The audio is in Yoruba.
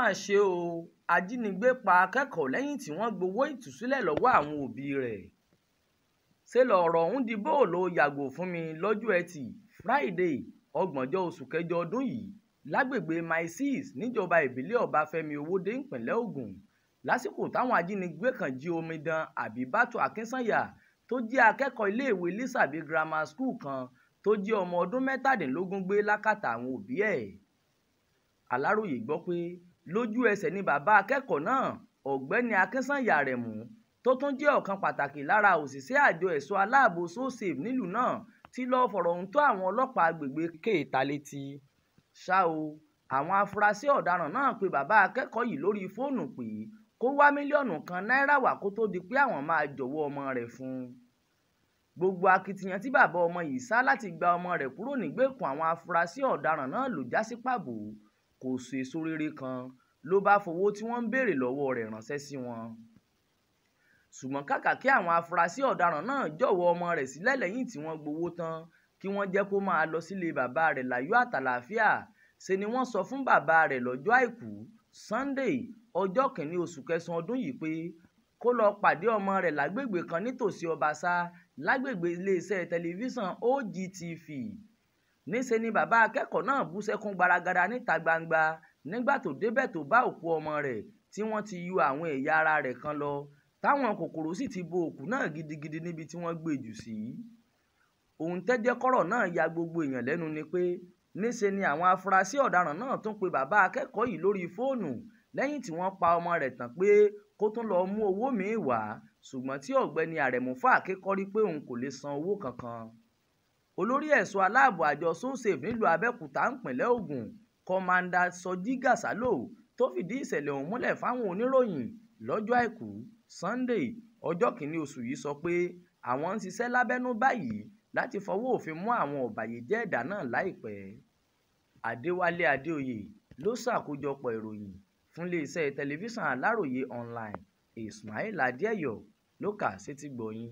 mà ṣe o ajínigbé pa akẹ́kọ̀ọ́ lẹ́yìn tí wọ́n gbowó ìtúsílẹ̀ lọ́wọ́ àwọn òbí rẹ̀ ṣe lọ̀rọ̀ ọ̀hún di bóòlù yàgò fún mi lọ́jọ́ ẹtì Friday ọgbọ̀njọ́ oṣù kẹjọ ọdún yìí lágbègbè Mile-6 níjọba ìbílẹ̀ Ọbáfẹ́mi Owódé ìpínlẹ̀ Ògùn lásìkò táwọn ajínigbé kan jí omidan Àbíbátù Akínsànyà tó jẹ́ akẹ́kọ̀ọ́ iléèwé Lísàbí Grammar School kan tó jẹ́ ọmọ ọdún mẹ́tàdínlógún gbé lákàtà àwọn òbí ẹ̀ Aláròyé gbọ́ pé lójú ẹsẹ̀ ni bàbá akẹ́kọ̀ọ́ náà ọ̀gbẹ́ni akínsànyà rẹ̀mú tó tún jẹ́ ọ̀kan pàtàkì lára òṣìṣẹ́ àjọ ẹ̀ṣọ́ aláàbò so-safe nílùú náà ti lọ́ọ́ fọ̀rọ̀ ohun tó àwọn ọlọ́pàá agbègbè kéèta e létí ṣá o àwọn afurasí ọ̀daràn náà pe bàbá akẹ́kọ̀ọ́ yìí lórí fóònù pé kó wá mílíọ̀nù kan náírà wá kó tó di pé àwọn máa jọ̀wọ́ ọmọ rẹ̀ fún un gbogbo akitiyan tí bàbá ọmọ yìí sá láti gba ọmọ rẹ̀ kúrò nígbèkùn àwọn afurasí ọ̀daràn náà ló já sí pàbó kò ṣe èso rere kan ló bá fowó tí wọ́n ń béèrè lọ́wọ́ rẹ̀ ránṣẹ́ sí wọn ṣùgbọ́n kàkà kí àwọn afurasí ọ̀daràn náà jọ̀wọ́ ọmọ rẹ̀ sílẹ̀ lẹ́yìn tí wọ́n gbowó tán kí wọ́n jẹ́ kó máa lọ sílé bàbá rẹ̀ láyọ̀ àtàlàáfíà ṣe ni wọ́n sọ fún bàbá rẹ̀ lọ́jọ́ àìkú Sunday ọjọ́ kìíní oṣù kẹsàn-án ọdún yìí pé kó lọ pàdé ọmọ rẹ̀ lágbègbè kan nítòsí Ọbaṣá lágbègbè iléeṣẹ́ tẹlifíṣàn OGTV níṣe ni bàbá akẹ́kọ̀ọ́ náà bú sẹ́kún gbaragada níta gbangba nígbà tó débẹ̀ tó bá òkú ọmọ rẹ̀ tí wọ́n ti yọ àwọn ẹ̀yà ara rẹ̀ kan lọ táwọn kòkòrò sì ti bo òkú náà gidigidi níbi tí wọ́n gbé jù sí. òun tẹ́jẹ́ kọ́rọ̀ náà ya gbogbo èèyàn lẹ́nu ni pé níṣe ni àwọn afurasí ọ̀daràn náà tún pe bàbá akẹ́kọ̀ọ́ yìí lórí fóònù lẹ́yìn tí wọ́n pa ọmọ rẹ̀ tán pé kó tún lọ́ọ́ mú owó mi-ín wá ṣùgbọ́n tí ọ̀gbẹ́ni àrẹ̀mú fáàkì kọ́rí pé òun kò lè san owó kankan olórí ẹ̀ṣọ́ aláàbọ̀ àjọ sunsafe nílùú abẹ́òkúta ńpínlẹ̀ ògùn kọ́mándà sọjí gàsálò tó fìdí ìṣẹ̀lẹ̀ ọ̀hún múlẹ̀ fáwọn oníròyìn lọ́jọ́ àìkú sunday ọjọ́ kìíní oṣù yìí sọ pé àwọn ń ṣiṣẹ́ lábẹ́nú báyìí láti fọwọ́ òfin mú àwọn ọ̀bàyéjẹ́ ẹ̀dá náà láìpẹ́ adéwálé adéoyè ló ṣàkójọpọ̀ ìròyìn fún iléeṣẹ́ tẹlifíṣàn aláròye online ismail adéyọ ló kà sétí gbọ̀yìn